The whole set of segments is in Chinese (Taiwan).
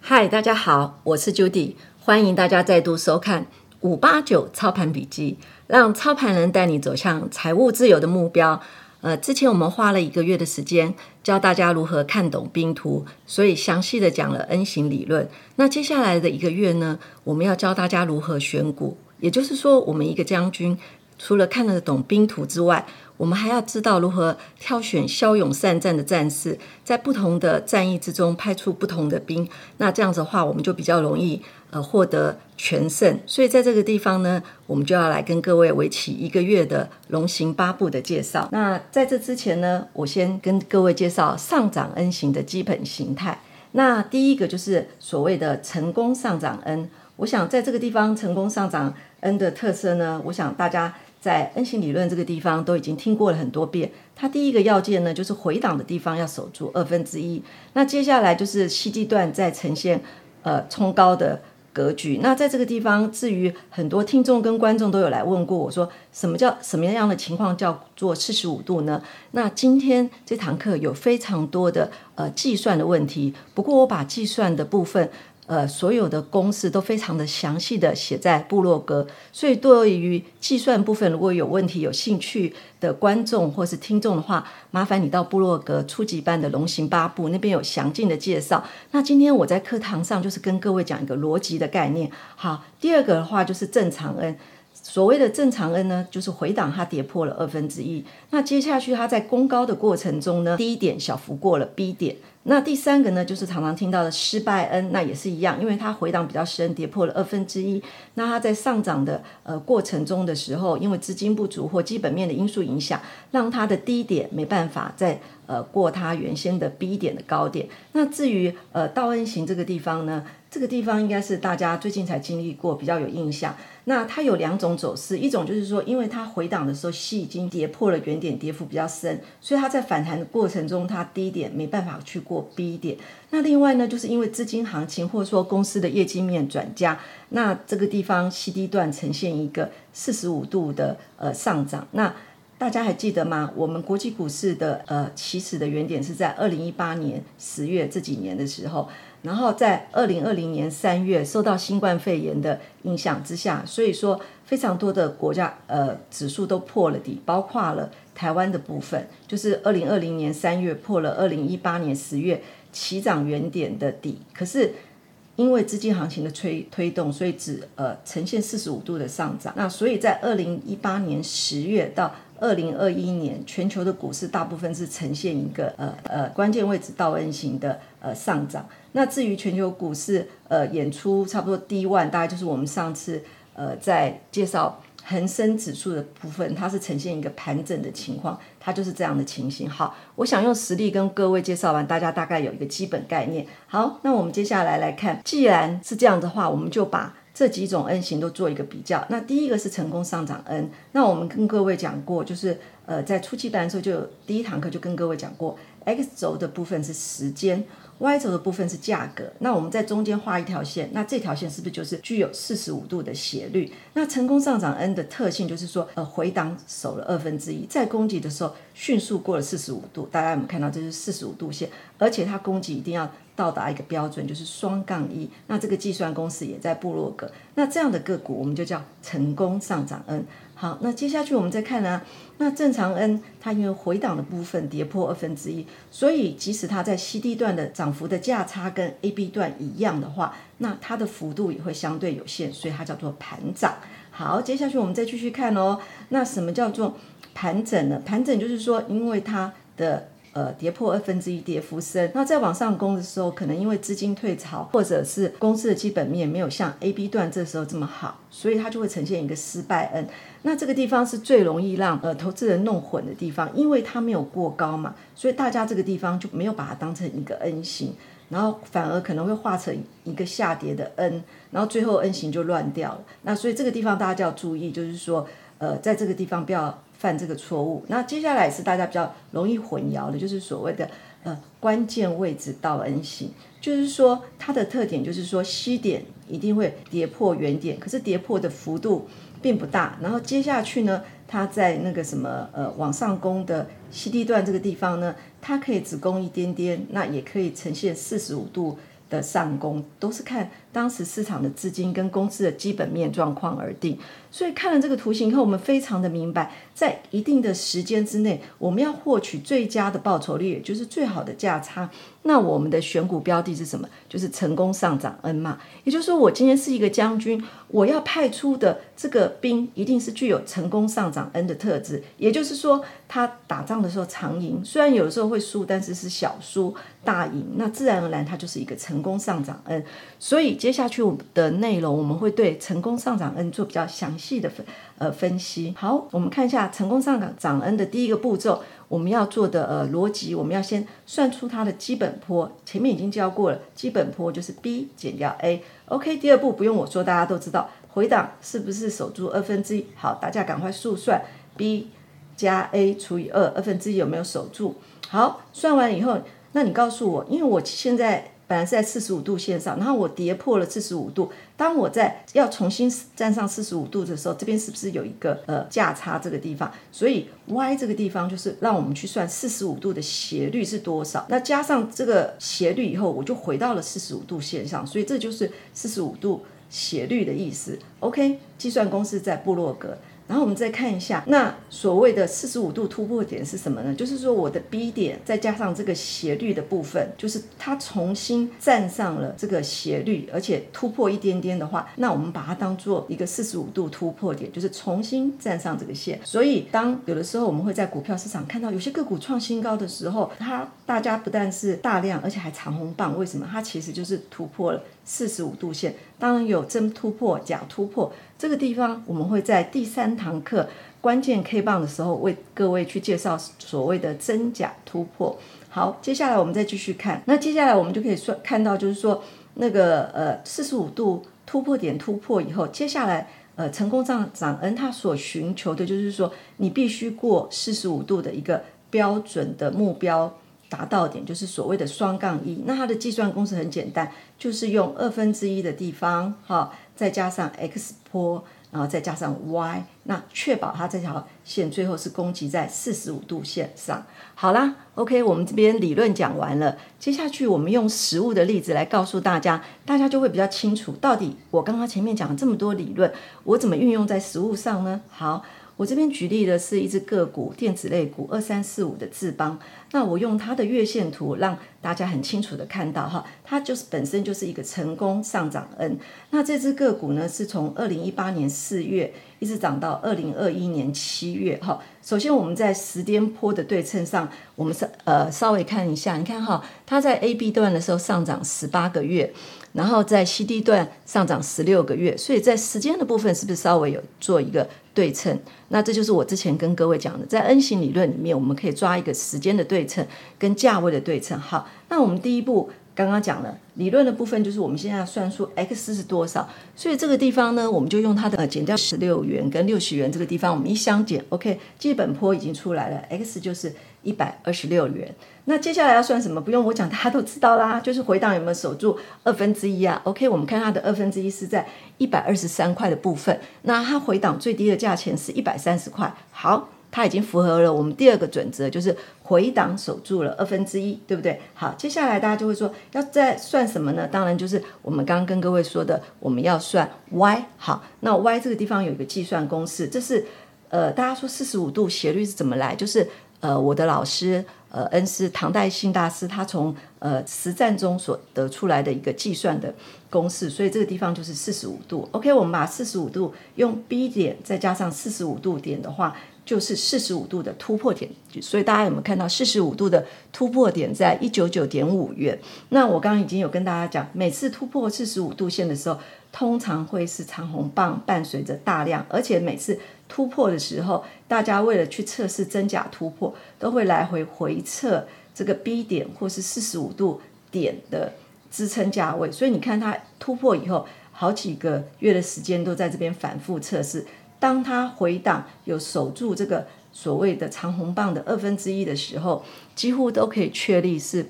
嗨，Hi, 大家好，我是 Judy，歡迎大家再度收看《五八九操盤筆記》，讓操盤人帶你走向財務自由的目標。呃，之前我們花了一個月的時間教大家如何看懂冰圖，所以詳細的講了 N 型理論。那接下來的一個月呢，我們要教大家如何選股，也就是說，我們一個將軍。除了看得懂兵圖之外，我們還要知道如何挑選驍勇善戰的戰士，在不同的戰役之中派出不同的兵。那這樣子的話，我們就比較容易呃獲得全勝。所以在這個地方呢，我們就要來跟各位為期一個月的龍行八步的介紹。那在這之前呢，我先跟各位介紹上漲 N 型的基本形態。那第一個就是所謂的成功上漲 N。我想在這個地方成功上漲 N 的特色呢，我想大家。在 N 型理論這個地方都已經聽過了很多遍，它第一個要件呢就是回檔的地方要守住二分之一，那接下來就是 C 段在呈現呃衝高的格局。那在這個地方，至於很多聽眾跟觀眾都有來問過我說，什麼叫什麼樣的情況叫做四十五度呢？那今天這堂課有非常多的呃計算的問題，不過我把計算的部分。呃，所有的公式都非常的詳細的寫在部落格，所以對於計算部分，如果有問題、有興趣的觀眾或是聽眾的話，麻煩你到部落格初級班的龍行八步那邊，有詳盡的介紹。那今天我在課堂上就是跟各位講一個邏輯的概念。好，第二個的話就是正常 N，所謂的正常 N 呢，就是回檔它跌破了二分之一，那接下去它在攻高的過程中呢，低點小幅過了 B 點。那第三個呢，就是常常聽到的失敗 N，那也是一樣，因為它回檔比較深，跌破了二分之一，那它在上漲的呃過程中的時候，因為資金不足或基本面的因素影響，讓它的低點沒辦法再呃過它原先的 B 點的高點。那至於呃倒 N 型這個地方呢，這個地方應該是大家最近才經歷過，比較有印象。那它有兩種走勢，一種就是說，因為它回檔的時候，C 已經跌破了原點，跌幅比較深，所以它在反彈的過程中，它低點沒辦法去過。過 B 點，那另外呢，就是因為資金行情或者說公司的業績面轉佳，那這個地方 C D 段呈現一個四十五度的呃上漲，那大家還記得嗎？我們國際股市的呃起始的原點是在二零一八年十月這幾年的時候。然後在二零二零年三月受到新冠肺炎的影響之下，所以說非常多的國家呃指數都破了底，包括了台灣的部分，就是二零二零年三月破了二零一八年十月起漲原點的底。可是因為資金行情的推推動，所以只呃呈現四十五度的上漲。那所以在二零一八年十月到，二零二一年全球的股市大部分是呈現一個呃呃關鍵位置倒 N 型的呃上漲。那至於全球股市呃演出差不多第一萬，大概就是我們上次呃在介紹恆生指數的部分，它是呈現一個盤整的情況，它就是這樣的情形。好，我想用實例跟各位介紹完，大家大概有一個基本概念。好，那我們接下來來看，既然是這樣的話，我們就把。這幾種恩行，都做一個比較。那第一個是成功上漲恩，那我們跟各位講過，就是。呃，在初期班的時候，就有第一堂課就跟各位講過，X 軸的部分是時間，Y 軸的部分是價格。那我們在中間畫一條線，那這條線是不是就是具有四十五度的斜率？那成功上漲 N 的特性就是說，呃，回檔守了二分之一，2, 在攻擊的時候迅速過了四十五度。大家有沒有看到這是四十五度線，而且它攻擊一定要到達一個標準，就是雙槓一。1, 那這個計算公式也在部落格。那這樣的個股我們就叫成功上漲 N。好，那接下去我們再看啊，那正常 N，它因為回檔的部分跌破二分之一，所以即使它在 C D 段的漲幅的價差跟 A B 段一樣的話，那它的幅度也會相對有限，所以它叫做盤漲。好，接下去我們再繼續看哦，那什麼叫做盤整呢？盤整就是說，因為它的。呃，跌破二分之一跌幅深，那再往上攻的時候，可能因為資金退潮，或者是公司的基本面沒有像 A、B 段這時候這麼好，所以它就會呈現一個失敗 N。那這個地方是最容易讓呃投資人弄混的地方，因為它沒有過高嘛，所以大家這個地方就沒有把它當成一個 N 型，然後反而可能會化成一個下跌的 N，然後最後 N 型就亂掉了。那所以這個地方大家就要注意，就是說，呃，在這個地方不要犯這個錯誤，那接下來是大家比較容易混淆的，就是所謂的呃關鍵位置倒 N 型。就是說它的特點就是說 C 點一定會跌破原點，可是跌破的幅度並不大，然後接下去呢，它在那個什麼呃往上攻的 CD 段這個地方呢，它可以只攻一點點，那也可以呈現四十五度的上攻，都是看當時市場的資金跟公司的基本面狀況而定，所以看了這個圖形以後，我們非常的明白，在一定的時間之內，我們要獲取最佳的報酬率，也就是最好的價差。那我們的選股標的是什麼？就是成功上漲 N 嘛。也就是說，我今天是一個將軍，我要派出的這個兵一定是具有成功上漲 N 的特質。也就是說，他打仗的時候常贏，雖然有時候會輸，但是是小輸大贏，那自然而然他就是一個成功上漲 N。所以。接下去我們的內容，我們會對成功上漲 N 做比較詳細的分呃分析。好，我們看一下成功上漲漲 N 的第一個步驟，我們要做的呃邏輯，我們要先算出它的基本波。前面已經教過了，基本波就是 B 減掉 A。OK，第二步不用我說，大家都知道回檔是不是守住二分之一？2? 好，大家趕快速算 B 加 A 除以二，二分之一有沒有守住？好，算完以後，那你告訴我，因為我現在。本來是在四十五度線上，然後我跌破了四十五度。當我在要重新站上四十五度的時候，這邊是不是有一個呃價差這個地方？所以 y 這個地方就是讓我們去算四十五度的斜率是多少。那加上這個斜率以後，我就回到了四十五度線上。所以這就是四十五度斜率的意思。OK，計算公式在部落格。然後我們再看一下，那所謂的四十五度突破點是什麼呢？就是說我的 B 點再加上這個斜率的部分，就是它重新站上了這個斜率，而且突破一點點的話，那我們把它當做一個四十五度突破點，就是重新站上這個線。所以，當有的時候我們會在股票市場看到有些個股創新高的時候，它大家不但是大量，而且還長紅棒。為什麼？它其實就是突破了。四十五度線，當然有真突破、假突破。這個地方，我們會在第三堂課關鍵 K 棒的時候，為各位去介紹所謂的真假突破。好，接下來我們再繼續看。那接下來我們就可以說看到，就是說那個呃四十五度突破點突破以後，接下來呃成功上漲嗯，它所尋求的就是說，你必須過四十五度的一個標準的目標。達到點就是所謂的雙槓一，那它的計算公式很簡單，就是用二分之一的地方哈，再加上 x 坡，然後再加上 y，那確保它這條線最後是攻擊在四十五度線上。好啦，OK，我們這邊理論講完了，接下去我們用實物的例子來告訴大家，大家就會比較清楚，到底我剛剛前面講了這麼多理論，我怎麼運用在實物上呢？好。我這邊舉例的是一隻個股，電子類股二三四五的智邦。那我用它的月線圖，讓大家很清楚的看到哈，它就是本身就是一個成功上漲 N。那這隻個股呢，是從二零一八年四月一直漲到二零二一年七月哈。首先我們在時間波的對稱上，我們是呃稍微看一下，你看哈、哦，它在 AB 段的時候上漲十八個月，然後在 CD 段上漲十六個月，所以在時間的部分是不是稍微有做一個。對稱，那這就是我之前跟各位講的，在 N 型理論裡面，我們可以抓一個時間的對稱跟價位的對稱。好，那我們第一步剛剛講了理論的部分，就是我們現在要算出 x 是多少。所以這個地方呢，我們就用它的、呃、減掉十六元跟六十元這個地方，我們一相減，OK，基本波已經出來了，x 就是。一百二十六元，那接下來要算什麼？不用我講，大家都知道啦，就是回檔有沒有守住二分之一啊？OK，我們看它的二分之一是在一百二十三塊的部分，那它回檔最低的價錢是一百三十塊。好，它已經符合了我們第二個準則，就是回檔守住了二分之一，對不對？好，接下來大家就會說要再算什麼呢？當然就是我們剛剛跟各位說的，我們要算 Y。好，那 Y 這個地方有一個計算公式，這是呃，大家說四十五度斜率是怎麼來？就是呃，我的老師，呃，恩師唐代信大師，他從呃實戰中所得出來的一個計算的公式，所以這個地方就是四十五度。OK，我們把四十五度用 B 點再加上四十五度點的話，就是四十五度的突破點。所以大家有沒有看到四十五度的突破點在一九九點五元？那我剛剛已經有跟大家講，每次突破四十五度線的時候，通常會是長紅棒伴隨着大量，而且每次。突破的時候，大家為了去測試真假突破，都會來回回測這個 B 點或是四十五度點的支撐價位。所以你看它突破以後，好幾個月的時間都在這邊反復測試。當它回檔有守住這個所謂的長紅棒的二分之一的時候，幾乎都可以確立是。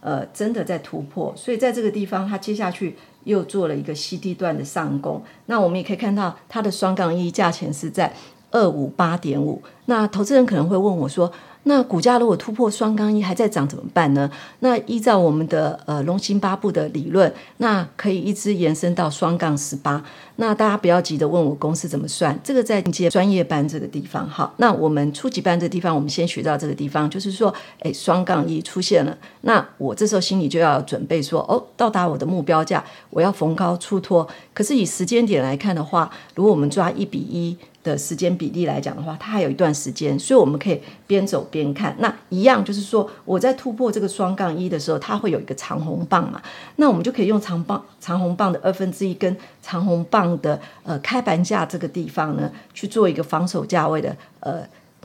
呃，真的在突破，所以在這個地方，它接下去又做了一個 CD 段的上攻。那我們也可以看到，它的雙槓一價錢是在二五八點五。那投資人可能會問我說，那股價如果突破雙槓一還在漲怎麼辦呢？那依照我們的呃龍行八步的理論，那可以一直延伸到雙槓十八。那大家不要急着問我公司怎麼算，這個在進階專業班這個地方哈。那我們初級班這個地方，我們先學到這個地方，就是說，哎、欸，雙槓一出現了，那我這時候心裡就要準備說，哦，到達我的目標價，我要逢高出脫。可是以時間點來看的話，如果我們抓一比一。的時間比例來講的話，它還有一段時間，所以我們可以邊走邊看。那一樣就是說，我在突破這個雙槓一的時候，它會有一個長紅棒嘛？那我們就可以用長棒、長紅棒的二分之一跟長紅棒的呃開盤價這個地方呢，去做一個防守價位的呃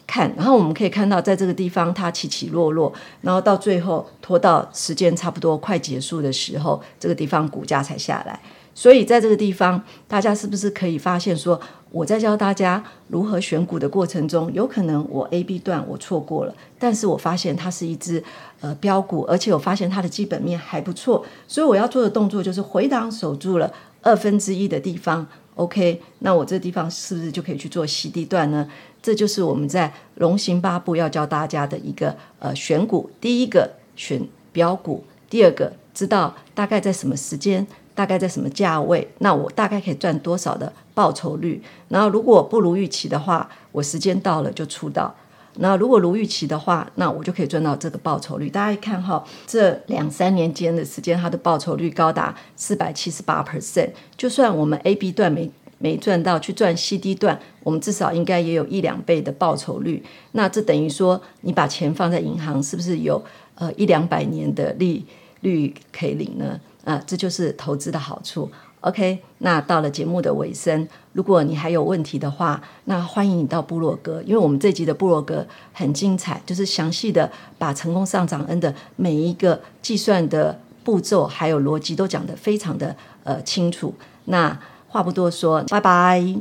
看。然後我們可以看到，在這個地方它起起落落，然後到最後拖到時間差不多快結束的時候，這個地方股價才下來。所以在這個地方，大家是不是可以發現說？我在教大家如何選股的過程中，有可能我 A B 段我錯過了，但是我發現它是一支呃飆股，而且我發現它的基本面還不錯，所以我要做的動作就是回檔守住了二分之一的地方，OK，那我這地方是不是就可以去做 C D 段呢？這就是我們在龍行八步要教大家的一個呃選股，第一個選飆股，第二個知道大概在什麼時間？大概在什麼價位？那我大概可以賺多少的報酬率？然後如果不如預期的話，我時間到了就出道；那如果如預期的話，那我就可以賺到這個報酬率。大家一看哈、哦，這兩三年間的時間，它的報酬率高達四百七十八 percent。就算我們 AB 段沒沒賺到，去賺 CD 段，我們至少應該也有一兩倍的報酬率。那這等於說，你把錢放在銀行，是不是有呃一兩百年的利率可以領呢？啊、呃，這就是投資的好處。OK，那到了節目的尾聲，如果你還有問題的話，那歡迎你到部落格，因為我們這集的部落格很精彩，就是詳細的把成功上漲 N 的每一個計算的步驟還有邏輯都講得非常的呃清楚。那話不多說，拜拜。